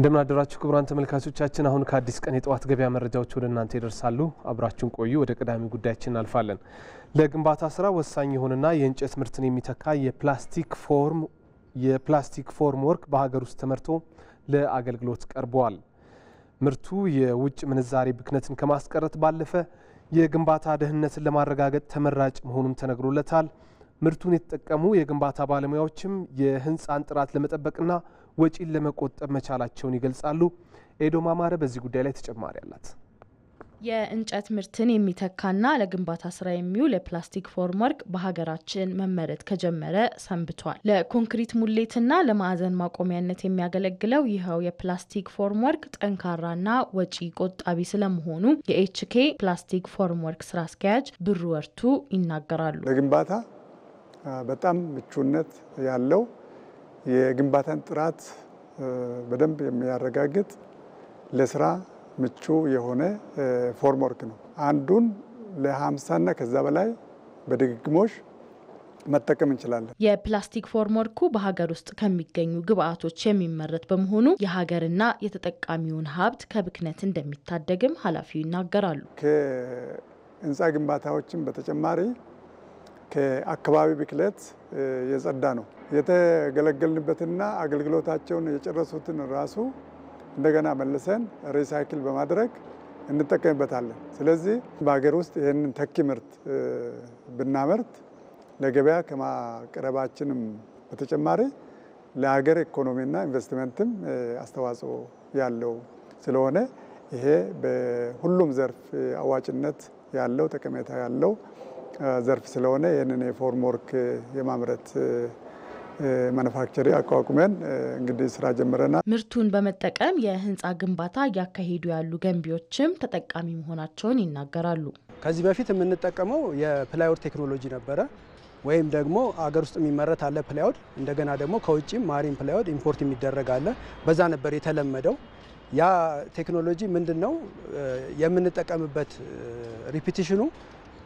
እንደምናደራችሁ ክቡራን ተመልካቾቻችን፣ አሁን ከአዲስ ቀን የጠዋት ገበያ መረጃዎች ወደ እናንተ ይደርሳሉ። አብራችሁን ቆዩ። ወደ ቀዳሚ ጉዳያችን እናልፋለን። ለግንባታ ስራ ወሳኝ የሆነና የእንጨት ምርትን የሚተካ የፕላስቲክ ፎርም የፕላስቲክ ፎርም ወርክ በሀገር ውስጥ ተመርቶ ለአገልግሎት ቀርበዋል። ምርቱ የውጭ ምንዛሬ ብክነትን ከማስቀረት ባለፈ የግንባታ ደህንነትን ለማረጋገጥ ተመራጭ መሆኑም ተነግሮለታል። ምርቱን የተጠቀሙ የግንባታ ባለሙያዎችም የህንፃን ጥራት ለመጠበቅና ወጪን ለመቆጠብ መቻላቸውን ይገልጻሉ። ኤዶም አማረ በዚህ ጉዳይ ላይ ተጨማሪ አላት። የእንጨት ምርትን የሚተካና ለግንባታ ስራ የሚውል የፕላስቲክ ፎርምወርክ በሀገራችን መመረት ከጀመረ ሰንብቷል። ለኮንክሪት ሙሌትና ለማዕዘን ማቆሚያነት የሚያገለግለው ይኸው የፕላስቲክ ፎርም ጠንካራና ወጪ ቆጣቢ ስለመሆኑ የኤችኬ ፕላስቲክ ፎርምወርክ ስራ አስኪያጅ ብሩ ወርቱ ይናገራሉ። ለግንባታ በጣም ምቹነት ያለው የግንባታን ጥራት በደንብ የሚያረጋግጥ ለስራ ምቹ የሆነ ፎርምወርክ ነው። አንዱን ለሀምሳና ከዛ በላይ በድግግሞሽ መጠቀም እንችላለን። የፕላስቲክ ፎርምወርኩ በሀገር ውስጥ ከሚገኙ ግብአቶች የሚመረት በመሆኑ የሀገርና የተጠቃሚውን ሀብት ከብክነት እንደሚታደግም ኃላፊው ይናገራሉ። ከህንፃ ግንባታዎችን በተጨማሪ ከአካባቢ ብክለት የጸዳ ነው። የተገለገልንበትና አገልግሎታቸውን የጨረሱትን ራሱ እንደገና መልሰን ሪሳይክል በማድረግ እንጠቀምበታለን። ስለዚህ በሀገር ውስጥ ይህንን ተኪ ምርት ብናመርት ለገበያ ከማቅረባችንም በተጨማሪ ለሀገር ኢኮኖሚና ኢንቨስትመንትም አስተዋጽኦ ያለው ስለሆነ ይሄ በሁሉም ዘርፍ አዋጭነት ያለው ጠቀሜታ ያለው ዘርፍ ስለሆነ ይህንን የፎርም ወርክ የማምረት ማኑፋክቸሪ አቋቁመን እንግዲህ ስራ ጀምረናል። ምርቱን በመጠቀም የህንፃ ግንባታ እያካሄዱ ያሉ ገንቢዎችም ተጠቃሚ መሆናቸውን ይናገራሉ። ከዚህ በፊት የምንጠቀመው የፕላይውድ ቴክኖሎጂ ነበረ ወይም ደግሞ አገር ውስጥ የሚመረት አለ ፕላይወድ፣ እንደገና ደግሞ ከውጭም ማሪን ፕላይወድ ኢምፖርት የሚደረግ አለ። በዛ ነበር የተለመደው። ያ ቴክኖሎጂ ምንድን ነው የምንጠቀምበት ሪፒቲሽኑ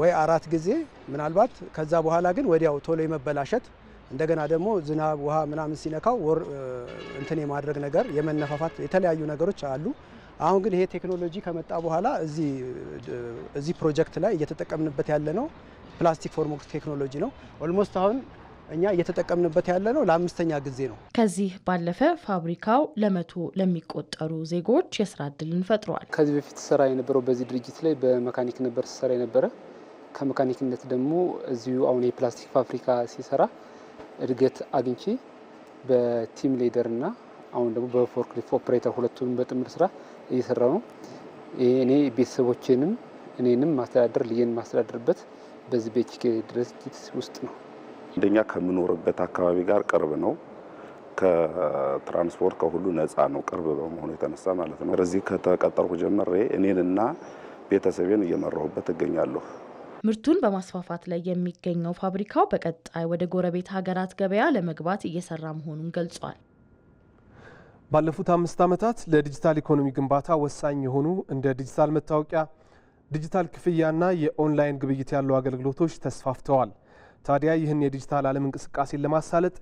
ወይ አራት ጊዜ ምናልባት ከዛ በኋላ ግን ወዲያው ቶሎ የመበላሸት እንደገና ደግሞ ዝናብ ውሃ ምናምን ሲነካው ወር እንትን የማድረግ ነገር የመነፋፋት የተለያዩ ነገሮች አሉ። አሁን ግን ይሄ ቴክኖሎጂ ከመጣ በኋላ እዚህ ፕሮጀክት ላይ እየተጠቀምንበት ያለ ነው ፕላስቲክ ፎርሞክስ ቴክኖሎጂ ነው። ኦልሞስት አሁን እኛ እየተጠቀምንበት ያለ ነው ለአምስተኛ ጊዜ ነው። ከዚህ ባለፈ ፋብሪካው ለመቶ ለሚቆጠሩ ዜጎች የስራ እድልን ፈጥሯል። ከዚህ በፊት ስራ የነበረው በዚህ ድርጅት ላይ በመካኒክ ነበር ስራ የነበረ ከመካኒክነት ደግሞ እዚሁ አሁን የፕላስቲክ ፋብሪካ ሲሰራ እድገት አግኝቼ በቲም ሌደር እና አሁን ደግሞ በፎርክሊፍ ኦፕሬተር ሁለቱንም በጥምር ስራ እየሰራ ነው። እኔ ቤተሰቦችንም እኔንም ማስተዳደር ልየን ማስተዳደርበት በዚህ ቤችኬ ድርጅት ውስጥ ነው። አንደኛ ከምኖርበት አካባቢ ጋር ቅርብ ነው። ከትራንስፖርት ከሁሉ ነፃ ነው፣ ቅርብ በመሆኑ የተነሳ ማለት ነው። ስለዚህ ከተቀጠርኩ ጀምሬ እኔንና ቤተሰቤን እየመራሁበት እገኛለሁ። ምርቱን በማስፋፋት ላይ የሚገኘው ፋብሪካው በቀጣይ ወደ ጎረቤት ሀገራት ገበያ ለመግባት እየሰራ መሆኑን ገልጿል። ባለፉት አምስት ዓመታት ለዲጂታል ኢኮኖሚ ግንባታ ወሳኝ የሆኑ እንደ ዲጂታል መታወቂያ፣ ዲጂታል ክፍያና የኦንላይን ግብይት ያሉ አገልግሎቶች ተስፋፍተዋል። ታዲያ ይህን የዲጂታል ዓለም እንቅስቃሴን ለማሳለጥ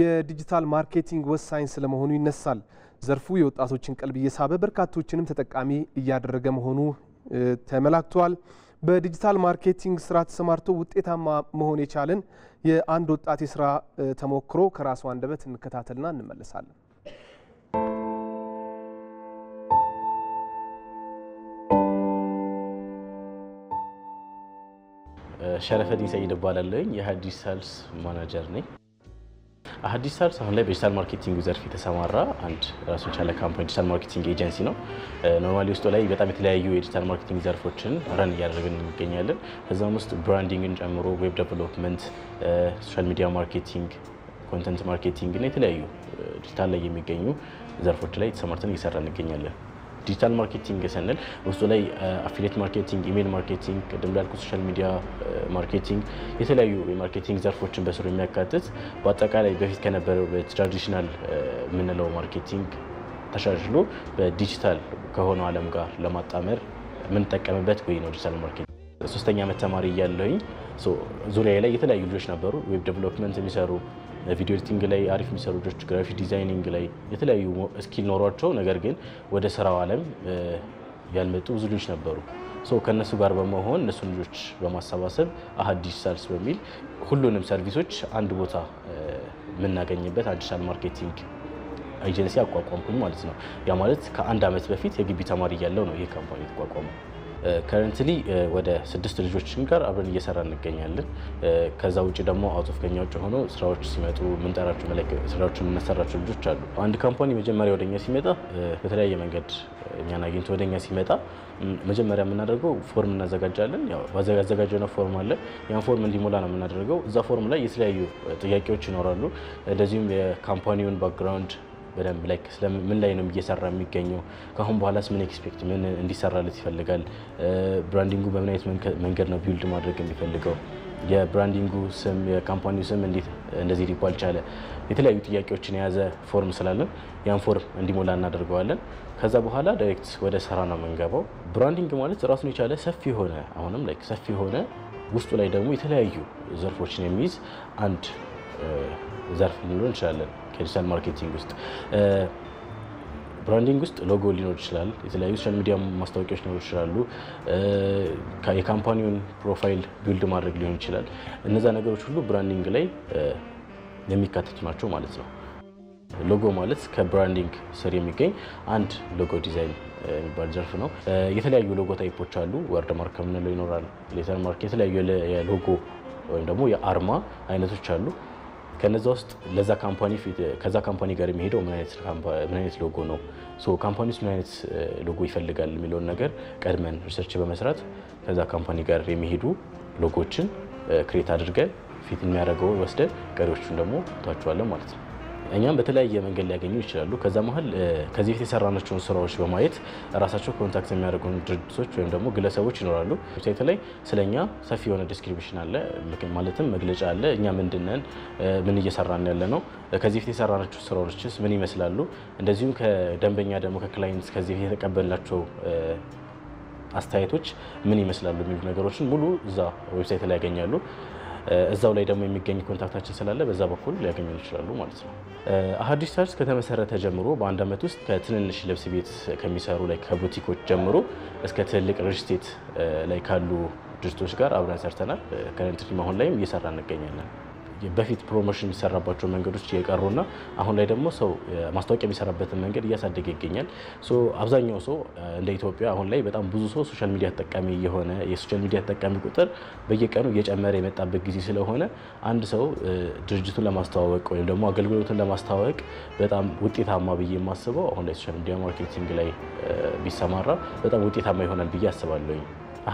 የዲጂታል ማርኬቲንግ ወሳኝ ስለመሆኑ ይነሳል። ዘርፉ የወጣቶችን ቀልብ እየሳበ በርካቶችንም ተጠቃሚ እያደረገ መሆኑ ተመላክቷል። በዲጂታል ማርኬቲንግ ስራ ተሰማርቶ ውጤታማ መሆን የቻለን የአንድ ወጣት የስራ ተሞክሮ ከራሱ አንደበት እንከታተልና እንመለሳለን። ሸረፈዲን ሰይድ እባላለሁ። የሀዲስ ሰልስ ማናጀር ነኝ። አዲስታርስ አሁን ላይ በዲጂታል ማርኬቲንግ ዘርፍ የተሰማራ አንድ ራሱን የቻለ ካምፓኒ ዲጂታል ማርኬቲንግ ኤጀንሲ ነው። ኖርማሊ ውስጡ ላይ በጣም የተለያዩ የዲጂታል ማርኬቲንግ ዘርፎችን ረን እያደረግን እንገኛለን። ከዛም ውስጥ ብራንዲንግን ጨምሮ ዌብ ዴቨሎፕመንት፣ ሶሻል ሚዲያ ማርኬቲንግ፣ ኮንተንት ማርኬቲንግ እና የተለያዩ ዲጂታል ላይ የሚገኙ ዘርፎች ላይ ተሰማርተን እየሰራ እንገኛለን። ዲጂታል ማርኬቲንግ ስንል ውስጡ ላይ አፊሌት ማርኬቲንግ፣ ኢሜል ማርኬቲንግ፣ ቅድም ላልኩ ሶሻል ሚዲያ ማርኬቲንግ፣ የተለያዩ የማርኬቲንግ ዘርፎችን በስሩ የሚያካትት በአጠቃላይ በፊት ከነበረው በትራዲሽናል የምንለው ማርኬቲንግ ተሻሽሎ በዲጂታል ከሆነው ዓለም ጋር ለማጣመር የምንጠቀምበት ወይ ነው ዲጂታል ማርኬቲንግ። ሶስተኛ ዓመት ተማሪ እያለሁኝ ዙሪያ ላይ የተለያዩ ልጆች ነበሩ ዌብ ዴቨሎፕመንት የሚሰሩ ቪዲዮ ኤዲቲንግ ላይ አሪፍ የሚሰሩ ልጆች ግራፊክ ዲዛይኒንግ ላይ የተለያዩ ስኪል ኖሯቸው ነገር ግን ወደ ስራው አለም ያልመጡ ብዙ ልጆች ነበሩ። ከእነሱ ጋር በመሆን እነሱን ልጆች በማሰባሰብ አሀድ ዲጂታልስ በሚል ሁሉንም ሰርቪሶች አንድ ቦታ የምናገኝበት አዲሻል ማርኬቲንግ ኤጀንሲ አቋቋምኩኝ ማለት ነው። ያ ማለት ከአንድ ዓመት በፊት የግቢ ተማሪ ያለው ነው ይህ ካምፓኒ የተቋቋመው። ከረንትሊ ወደ ስድስት ልጆችን ጋር አብረን እየሰራ እንገኛለን። ከዛ ውጭ ደግሞ አውት ኦፍ ከኛ ውጭ ሆኖ ስራዎች ሲመጡ የምንጠራቸው ስራዎችን የምናሰራቸው ልጆች አሉ። አንድ ካምፓኒ መጀመሪያ ወደኛ ሲመጣ በተለያየ መንገድ እኛን አግኝቶ ወደኛ ሲመጣ መጀመሪያ የምናደርገው ፎርም እናዘጋጃለን። ያዘጋጀነው ፎርም አለ። ያን ፎርም እንዲሞላ ነው የምናደርገው። እዛ ፎርም ላይ የተለያዩ ጥያቄዎች ይኖራሉ። እንደዚሁም የካምፓኒውን ባክግራውንድ በደንብ ላይ ምን ላይ ነው እየሰራ የሚገኘው፣ ከአሁን በኋላስ ምን ኤክስፔክት ምን እንዲሰራለት ይፈልጋል፣ ብራንዲንጉ በምን አይነት መንገድ ነው ቢውልድ ማድረግ የሚፈልገው፣ የብራንዲንጉ ስም የካምፓኒው ስም እንዴት እንደዚህ ሊባል ቻለ፣ የተለያዩ ጥያቄዎችን የያዘ ፎርም ስላለን ያን ፎርም እንዲሞላ እናደርገዋለን። ከዛ በኋላ ዳይሬክት ወደ ስራ ነው የምንገባው። ብራንዲንግ ማለት ራሱን የቻለ ሰፊ የሆነ አሁንም ላይ ሰፊ የሆነ ውስጡ ላይ ደግሞ የተለያዩ ዘርፎችን የሚይዝ አንድ ዘርፍ ልንለው እንችላለን። ከዲጂታል ማርኬቲንግ ውስጥ ብራንዲንግ ውስጥ ሎጎ ሊኖር ይችላል። የተለያዩ ሶሻል ሚዲያ ማስታወቂያዎች ሊኖር ይችላሉ። የካምፓኒውን ፕሮፋይል ቢልድ ማድረግ ሊሆን ይችላል። እነዛ ነገሮች ሁሉ ብራንዲንግ ላይ የሚካተቱ ናቸው ማለት ነው። ሎጎ ማለት ከብራንዲንግ ስር የሚገኝ አንድ ሎጎ ዲዛይን የሚባል ዘርፍ ነው። የተለያዩ ሎጎ ታይፖች አሉ። ወርድ ማርክ ይኖራል። ሌተር ማርክ፣ የተለያዩ የሎጎ ወይም ደግሞ የአርማ አይነቶች አሉ። ከነዛ ውስጥ ለዛ ካምፓኒ ከዛ ካምፓኒ ጋር የሚሄደው ምን አይነት ሎጎ ነው፣ ካምፓኒ ውስጥ ምን አይነት ሎጎ ይፈልጋል የሚለውን ነገር ቀድመን ሪሰርች በመስራት ከዛ ካምፓኒ ጋር የሚሄዱ ሎጎዎችን ክሬት አድርገን ፊት የሚያደርገው ወስደን ቀሪዎቹን ደግሞ ታችኋለን ማለት ነው። እኛም በተለያየ መንገድ ሊያገኙ ይችላሉ። ከዛ መሀል ከዚህ በፊት የሰራናቸውን ስራዎች በማየት ራሳቸው ኮንታክት የሚያደርጉን ድርጅቶች ወይም ደግሞ ግለሰቦች ይኖራሉ። ዌብሳይት ላይ ስለኛ ሰፊ የሆነ ዲስክሪፕሽን አለ፣ ማለትም መግለጫ አለ። እኛ ምንድነን፣ ምን እየሰራን ያለ ነው፣ ከዚህ በፊት የሰራናቸው ስራዎችስ ምን ይመስላሉ፣ እንደዚሁም ከደንበኛ ደግሞ ከክላይንት ከዚህ በፊት የተቀበልናቸው አስተያየቶች ምን ይመስላሉ የሚሉ ነገሮችን ሙሉ እዛ ዌብሳይት ላይ ያገኛሉ። እዛው ላይ ደግሞ የሚገኝ ኮንታክታችን ስላለ በዛ በኩል ሊያገኙ ይችላሉ ማለት ነው። አሀዲስ ታርስ ከተመሰረተ ጀምሮ በአንድ ዓመት ውስጥ ከትንንሽ ልብስ ቤት ከሚሰሩ ላይ ከቡቲኮች ጀምሮ እስከ ትልቅ ሪልስቴት ላይ ካሉ ድርጅቶች ጋር አብረን ሰርተናል። ከረንትሊ መሆን ላይም እየሰራ እንገኛለን። በፊት ፕሮሞሽን የሚሰራባቸው መንገዶች የቀሩና አሁን ላይ ደግሞ ሰው ማስታወቂያ የሚሰራበትን መንገድ እያሳደገ ይገኛል። አብዛኛው ሰው እንደ ኢትዮጵያ አሁን ላይ በጣም ብዙ ሰው ሶሻል ሚዲያ ተጠቃሚ የሆነ የሶሻል ሚዲያ ተጠቃሚ ቁጥር በየቀኑ እየጨመረ የመጣበት ጊዜ ስለሆነ አንድ ሰው ድርጅቱን ለማስተዋወቅ ወይም ደግሞ አገልግሎቱን ለማስተዋወቅ በጣም ውጤታማ ብዬ የማስበው አሁን ላይ ሶሻል ሚዲያ ማርኬቲንግ ላይ ቢሰማራ በጣም ውጤታማ ይሆናል ብዬ አስባለሁኝ።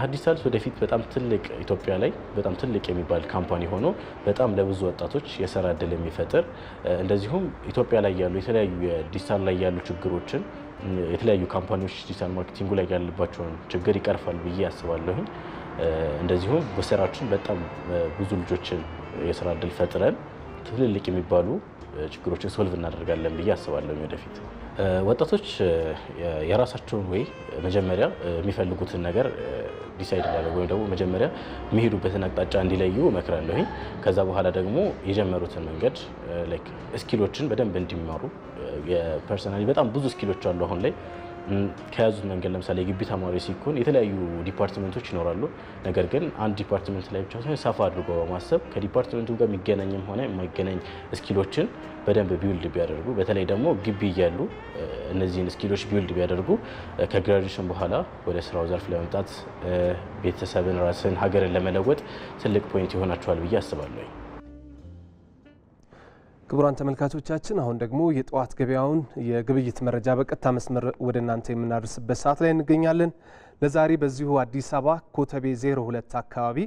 አዲስ አልስ ወደፊት በጣም ትልቅ ኢትዮጵያ ላይ በጣም ትልቅ የሚባል ካምፓኒ ሆኖ በጣም ለብዙ ወጣቶች የስራ እድል የሚፈጥር እንደዚሁም ኢትዮጵያ ላይ ያሉ የተለያዩ ዲጂታል ላይ ያሉ ችግሮችን የተለያዩ ካምፓኒዎች ዲጂታል ማርኬቲንጉ ላይ ያለባቸውን ችግር ይቀርፋል ብዬ አስባለሁኝ። እንደዚሁም በስራችን በጣም ብዙ ልጆችን የስራ እድል ፈጥረን ትልልቅ የሚባሉ ችግሮችን ሶልቭ እናደርጋለን ብዬ አስባለሁ። ወደፊት ወጣቶች የራሳቸውን ወይ መጀመሪያ የሚፈልጉትን ነገር ዲሳይድ ማድረግ ወይም ደግሞ መጀመሪያ የሚሄዱበትን አቅጣጫ እንዲለዩ መክራለሁ ከዛ በኋላ ደግሞ የጀመሩትን መንገድ ላይክ ስኪሎችን በደንብ እንዲማሩ የፐርሰናሊ በጣም ብዙ ስኪሎች አሉ አሁን ላይ ከያዙት መንገድ ለምሳሌ የግቢ ተማሪ ሲኮን የተለያዩ ዲፓርትመንቶች ይኖራሉ። ነገር ግን አንድ ዲፓርትመንት ላይ ብቻ ሳይሆን ሰፋ አድርጎ በማሰብ ከዲፓርትመንቱ ጋር የሚገናኝም ሆነ የማይገናኝ እስኪሎችን በደንብ ቢውልድ ቢያደርጉ፣ በተለይ ደግሞ ግቢ እያሉ እነዚህን እስኪሎች ቢውልድ ቢያደርጉ ከግራጁዌሽን በኋላ ወደ ስራው ዘርፍ ለመምጣት ቤተሰብን፣ ራስን፣ ሀገርን ለመለወጥ ትልቅ ፖይንት ይሆናቸዋል ብዬ አስባለሁ። ክቡራን ተመልካቾቻችን አሁን ደግሞ የጠዋት ገበያውን የግብይት መረጃ በቀጥታ መስመር ወደ እናንተ የምናደርስበት ሰዓት ላይ እንገኛለን። ለዛሬ በዚሁ አዲስ አበባ ኮተቤ 02 አካባቢ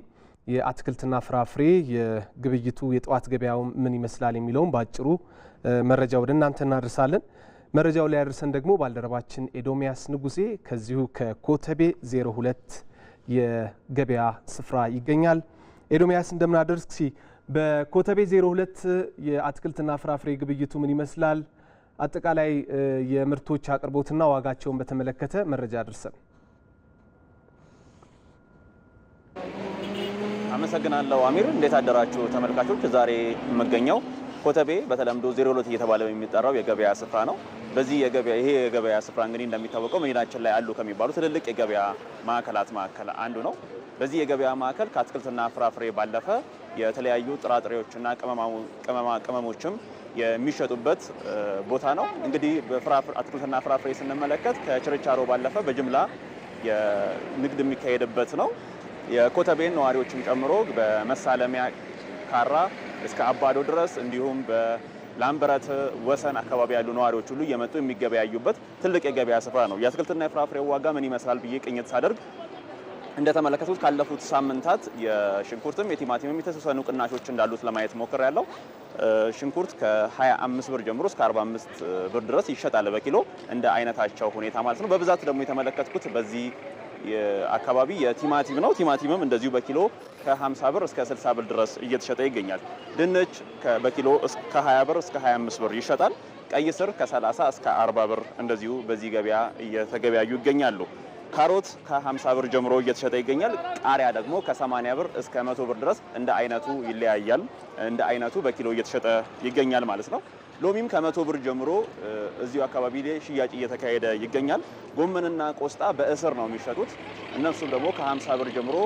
የአትክልትና ፍራፍሬ የግብይቱ የጠዋት ገበያው ምን ይመስላል የሚለውን በአጭሩ መረጃ ወደ እናንተ እናደርሳለን። መረጃው ላይ ያደርሰን ደግሞ ባልደረባችን ኤዶሚያስ ንጉሴ ከዚሁ ከኮተቤ 02 የገበያ ስፍራ ይገኛል። ኤዶሚያስ እንደምናደርስ በኮተቤ 02 የአትክልትና ፍራፍሬ ግብይቱ ምን ይመስላል? አጠቃላይ የምርቶች አቅርቦትና ዋጋቸውን በተመለከተ መረጃ አድርሰን። አመሰግናለሁ አሚር። እንዴት አደራችሁ ተመልካቾች? ዛሬ የምገኘው ኮተቤ በተለምዶ ዜሮ ሁለት እየተባለ የሚጠራው የገበያ ስፍራ ነው። በዚህ የገበያ ይሄ የገበያ ስፍራ እንግዲህ እንደሚታወቀው መዲናችን ላይ አሉ ከሚባሉ ትልልቅ የገበያ ማዕከላት ማዕከል አንዱ ነው። በዚህ የገበያ ማዕከል ከአትክልትና ፍራፍሬ ባለፈ የተለያዩ ጥራጥሬዎችና ቅመማ ቅመሞችም የሚሸጡበት ቦታ ነው። እንግዲህ አትክልትና ፍራፍሬ ስንመለከት ከችርቻሮ ባለፈ በጅምላ ንግድ የሚካሄድበት ነው። የኮተቤን ነዋሪዎችን ጨምሮ በመሳለሚያ ካራ እስከ አባዶ ድረስ እንዲሁም በላምበረት ወሰን አካባቢ ያሉ ነዋሪዎች ሁሉ እየመጡ የሚገበያዩበት ትልቅ የገበያ ስፍራ ነው። የአትክልትና የፍራፍሬው ዋጋ ምን ይመስላል ብዬ ቅኝት ሳደርግ እንደተመለከቱት ካለፉት ሳምንታት የሽንኩርትም የቲማቲምም የተወሰኑ ቅናሾች እንዳሉት ለማየት ሞክር ያለው ሽንኩርት ከ25 ብር ጀምሮ እስከ 45 ብር ድረስ ይሸጣል በኪሎ እንደ አይነታቸው ሁኔታ ማለት ነው። በብዛት ደግሞ የተመለከትኩት በዚህ አካባቢ የቲማቲም ነው። ቲማቲምም እንደዚሁ በኪሎ ከ50 ብር እስከ 60 ብር ድረስ እየተሸጠ ይገኛል። ድንች በኪሎ ከ20 ብር እስከ 25 ብር ይሸጣል። ቀይ ስር ከ30 እስከ 40 ብር እንደዚሁ በዚህ ገበያ እየተገበያዩ ይገኛሉ። ካሮት ከ50 ብር ጀምሮ እየተሸጠ ይገኛል። ቃሪያ ደግሞ ከ80 ብር እስከ 100 ብር ድረስ እንደ አይነቱ ይለያያል። እንደ አይነቱ በኪሎ እየተሸጠ ይገኛል ማለት ነው። ሎሚም ከመቶ ብር ጀምሮ እዚሁ አካባቢ ላይ ሽያጭ እየተካሄደ ይገኛል። ጎመንና ቆስጣ በእስር ነው የሚሸጡት። እነሱም ደግሞ ከ50 ብር ጀምሮ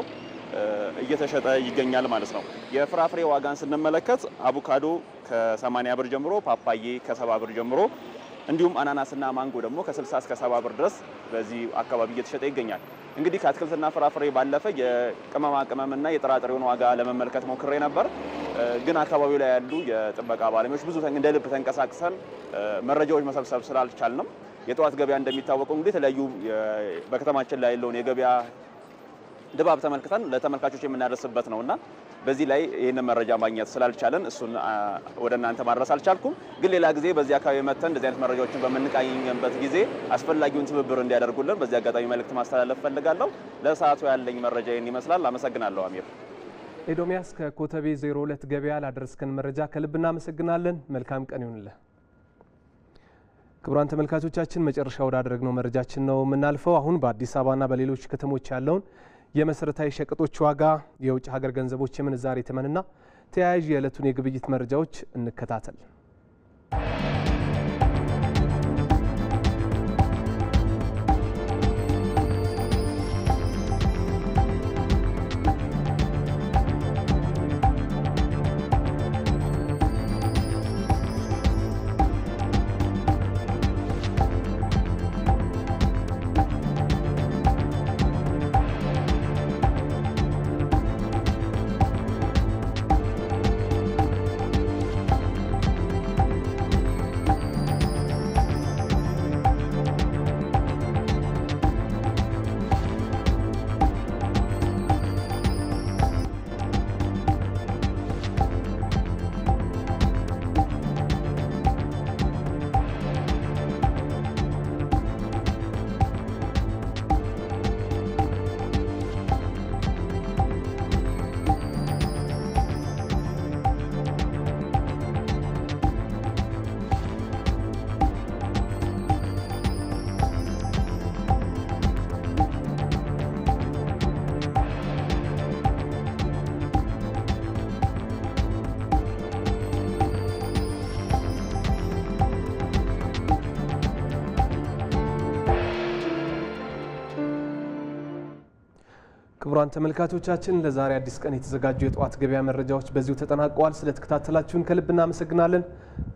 እየተሸጠ ይገኛል ማለት ነው። የፍራፍሬ ዋጋን ስንመለከት አቮካዶ ከ80 ብር ጀምሮ፣ ፓፓዬ ከ70 ብር ጀምሮ እንዲሁም አናናስና ማንጎ ደግሞ ከ60 እስከ 70 ብር ድረስ በዚህ አካባቢ እየተሸጠ ይገኛል። እንግዲህ ከአትክልትና ፍራፍሬ ባለፈ የቅመማ ቅመምና የጥራጥሬውን ዋጋ ለመመልከት ሞክሬ ነበር። ግን አካባቢው ላይ ያሉ የጥበቃ ባለሙያዎች ብዙ እንደ ልብ ተንቀሳቅሰን መረጃዎች መሰብሰብ ስላልቻልንም የጠዋት ገበያ እንደሚታወቀው እንግዲህ የተለያዩ በከተማችን ላይ ያለውን የገበያ ድባብ ተመልክተን ለተመልካቾች የምናደርስበት ነውና በዚህ ላይ ይህንን መረጃ ማግኘት ስላልቻለን እሱን ወደ እናንተ ማድረስ አልቻልኩም። ግን ሌላ ጊዜ በዚህ አካባቢ መተን እንደዚህ አይነት መረጃዎችን በምንቃኝበት ጊዜ አስፈላጊውን ትብብር እንዲያደርጉልን በዚህ አጋጣሚ መልእክት ማስተላለፍ ፈልጋለሁ። ለሰዓቱ ያለኝ መረጃ ይህን ይመስላል። አመሰግናለሁ አሚር። ኤዶሚያስ ከኮተቤ 02 ገበያ ላደረስክን መረጃ ከልብ እናመሰግናለን። መልካም ቀን ይሁንልህ። ክቡራን ተመልካቾቻችን መጨረሻ ወዳደረግነው መረጃችን ነው የምናልፈው። አሁን በአዲስ አበባና በሌሎች ከተሞች ያለውን የመሰረታዊ ሸቀጦች ዋጋ፣ የውጭ ሀገር ገንዘቦች የምንዛሬ ተመንና ተያያዥ የዕለቱን የግብይት መረጃዎች እንከታተል። ክቡራን ተመልካቾቻችን ለዛሬ አዲስ ቀን የተዘጋጁ የጠዋት ገበያ መረጃዎች በዚሁ ተጠናቀዋል። ስለተከታተላችሁን ከልብ እናመሰግናለን።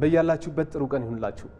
በያላችሁበት ጥሩ ቀን ይሁንላችሁ።